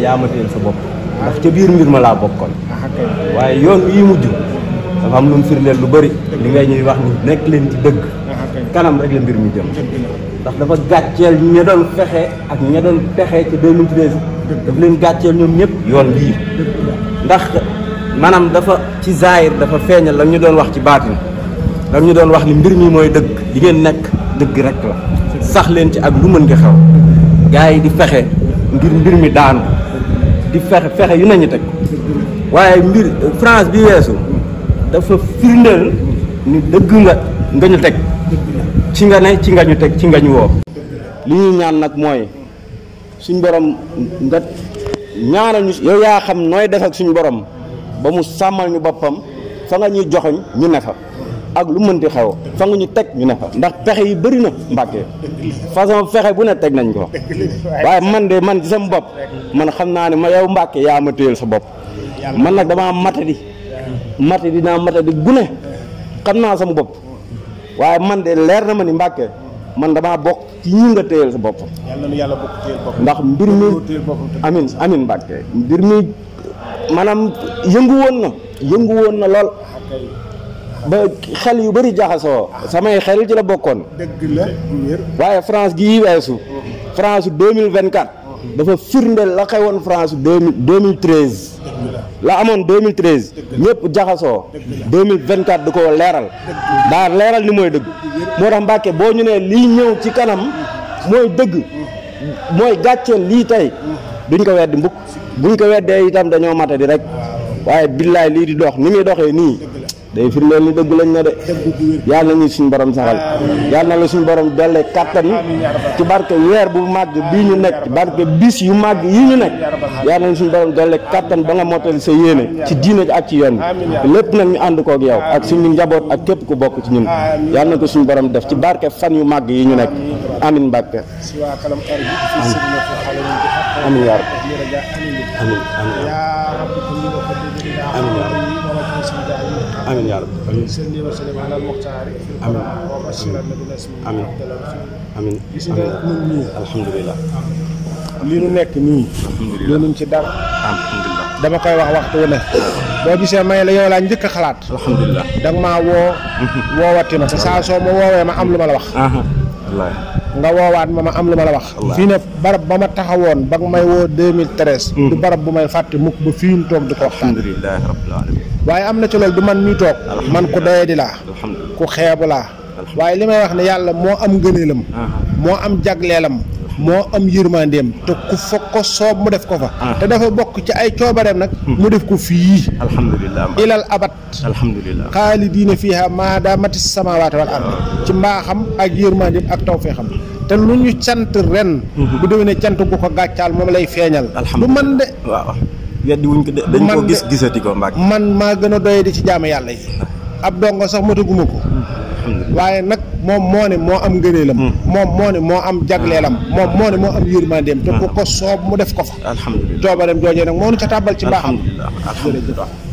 yaa ma sa bopp ndax ca biir mbir ma laa bokkoon waaye yoon wii mujj dafa am lu mu firndeel lu bëri li ngay ñuy wax ni nekk leen ci dëgg kanam rek la mbir mi jëm ndax dafa gàcceel ña doon fexe ak ña pexe ci 2013 leen gàcceel ñoom ñëpp yoon bii ndax maanaam dafa ci zaahir dafa feeñal la ñu doon wax ci baatin la ñu doon wax ni mbir mi mooy dëgg li ngeen nekk dëgg rek la sax leen ci ak lu mën di xew gars di fexe ngir mbir mi daan di fexe fexe yu nañu teg waaye mbir France bi weesu dafa firndeel ni dëgg nga nga ñu teg ci nga ne ci nga ñu teg ci nga ñu woo li ñuy ñaan nag mooy suñ borom nga ñaanal ñu yow yaa xam nooy def ak suñu borom ba mu sàmmal ñu boppam fa nga ñuy joxoñ ñu ne fa ak lu mënti xew fa nga teg ñu ne fa ndax pexe yi bëri na Mbàkke façon fexe bu ne teg nañ ko waaye man de man ci sama bopp man xam naa ne ma yow Mbàkke yaa ma téyel sa bopp man nag damaa matadi matadi naa matadi gune xam naa sama bopp waaye man de leer na ma ni Mbàkke man damaa bokk ci ñi nga téyel sa bopp ndax mbir mi amin amin Mbàkke mbir mi maanaam yëngu woon na yëngu woon na lool ba xel yu bëri jaxasoo ah. samay xel ci la bokkoon dëgg la waaye France gii weesu France 2024 dafa firnde la xewoon France 2013 la amoon 2013 ñëpp jaxasoo 2024 da ko leeral daa leeral ni mooy dëgg moo tax Mbàkke boo ñu nee lii ñëw ci kanam mooy dëgg mm. mooy gàcceel lii tey mm. duñ ko weddi mbukk buñ ko weddee itam dañoo mata di rek waaye billaay lii di dox ni muy doxee nii day firndeel ni dëgg lañ na de yal na ñu suñ borom saxal yal na la suñ borom dolle kàttan ci barke weer bu màgg bii ñu nekk barke bis yu màgg yi ñu nekk yal na suñ borom dolle kàttan ba nga mottali sa yéene ci diine ak ci yoon bi lépp nag ñu ànd kook yow ak suñu njaboot ak képp ku bokk ci ñun yal na ko suñ borom def ci barke fan yu màgg yi ñu nekk amin mbàkke amin yaa amiin yaa rabbi amiin amiin amiin amiin amiin alhamdulilah. li nu nekk nii. alhamdulilah ci dara. dama koy wax waxtu wu ne. boo gisee may la yow laa njëkk xalaat. alhamdulilah da nga maa woo. Mhm. woowati ma te saa soo ma woowee ma am lu ma la wax. nga woowaat ma ma am lu ma la wax fii barab ba ma taxawoon ba may woo 2013 mm. du barab bu may fàtte mukk ba fii ñu toog di ko waxtaan waaye am na ci loolu du man mii toog man ku doye di laa ku xeebu laa waaye li may wax ne yàlla moo am ngëneelam moo am jagleelam mo am yermandem te ku foko ko mu def ko fa ah. te dafa bok ci ay nak hmm. mu def ko fi alhamdulillah ilal abad. alhamdulillah khalidina fiha ma damati samawati wal ard ah. ci mbaaxam ak yermandem ak tawfeexam te lu ñu ren hmm. bu déwéne cant gu ko gatchal mom lay feñal du man de waaw wuñ ko dañ ko gis gisati ko mbak man ma gëna doye di ci jaamu yalla yi ab dongo sax motu waaye nag moom moo ne moo am ngëneelam hmm. moom moo ne moo am jagleelam hmm. moom moo ne moo am yërmandeem hmm. te ku ko soob mu def ko fa alhamdulilah toobareem joojee nag moo nu ca tàbbal ci baaxam